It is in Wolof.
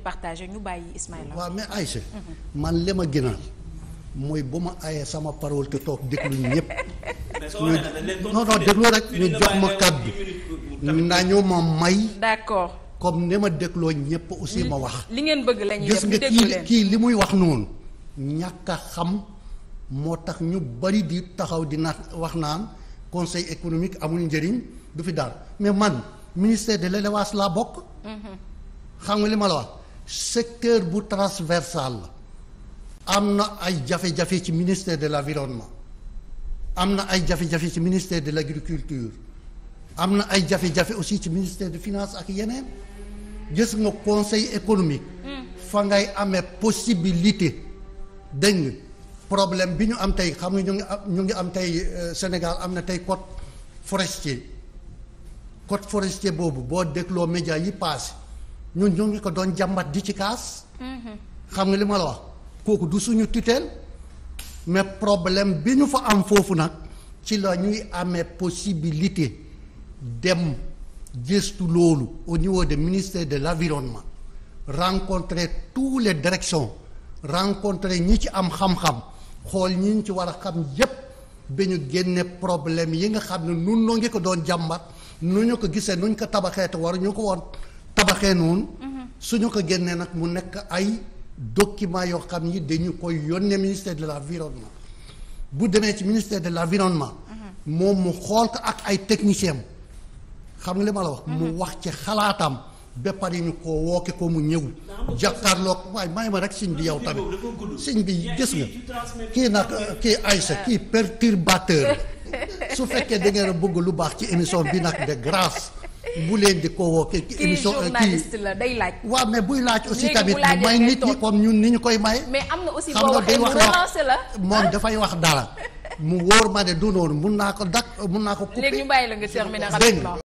partagé ñu bàyyi Ismaïla. waaw mais Aïcha. man lee ma gënal mooy bu ma ayee sama parole te toog déglu ñëpp. non non déglu rek ñu jox ma kàddu nañu ma may. d'accord ma dégloo ñëpp aussi ma mm. wax. li ngeen bëgg lañuy def gis nga kii kii li muy wax noonu. ñàkk a xam moo tax ñu bari di taxaw di na wax naan conseil économique amul njëriñ du fi daal mais man ministère de l'élevage laa bokk. Mm-hmm. xam nga li ma la wax. secteur bu transversal la am na ay jafe-jafe ci ministère de l'environnement am na ay jafe-jafe ci ministère de l'agriculture am na ay jafe-jafe aussi ci ministère de finance ak yeneen gis nga conseil économique hmm. fa ngay amee possibilité dégg nga problème bi ñu am tey xam nga ñu ngi am ñu ngi am tey euh, Sénégal am na tey code forestier code forestier boobu boo dégloo média yi passé ñun ñu ngi ko doon jàmbat di ci kaas. Mm-hmm. xam nga li ma la wax kooku du suñu tutelle mais problème bi ñu fa am foofu nag ci la ñuy amee possibilité dem gëstu loolu au niveau de ministères de l'environnement rencontrer tous les directions rencontrer ñi ci am xam-xam xool ñi ñu ci war a xam yépp ba ñu génne problème yi nga xam ne nun noo ngi ko doon jàmbat nu ñu ko gisee nu ñu ko tabaxeetu waru ñu ko woon tabaxee noonu. Mhm. suñu ko génnee nag mu nekk ay document yoo xam ni dañu koy yónnee ministère de la l'environnement bu demee ci ministère de la l'environnement. Mhm. moom mu xool ko ak ay technicien xam nga li ma la wax. mu mhm. wax ci xalaatam. ba yi ñu ko wooke ko mu ñëw. jàkkaarloog waaye may ma rek siñ bi yow tamit siñ bi gis nga kii nag kii Aïssa kii perturbateur su fekkee da ngeen bëgg lu baax ci émission bi nag de grâce. bu leen di ko woo kii émission kii la day laaj. waaw mais buy laaj aussi tamit may nit ñi comme ñun ni ñu koy may. mais am na aussi boo waxee relancé la moom dafay wax dara mu wóor ma ne du noonu mun naa ko dak mun naa ko. couper léegi bàyyi la nga terminer rapidement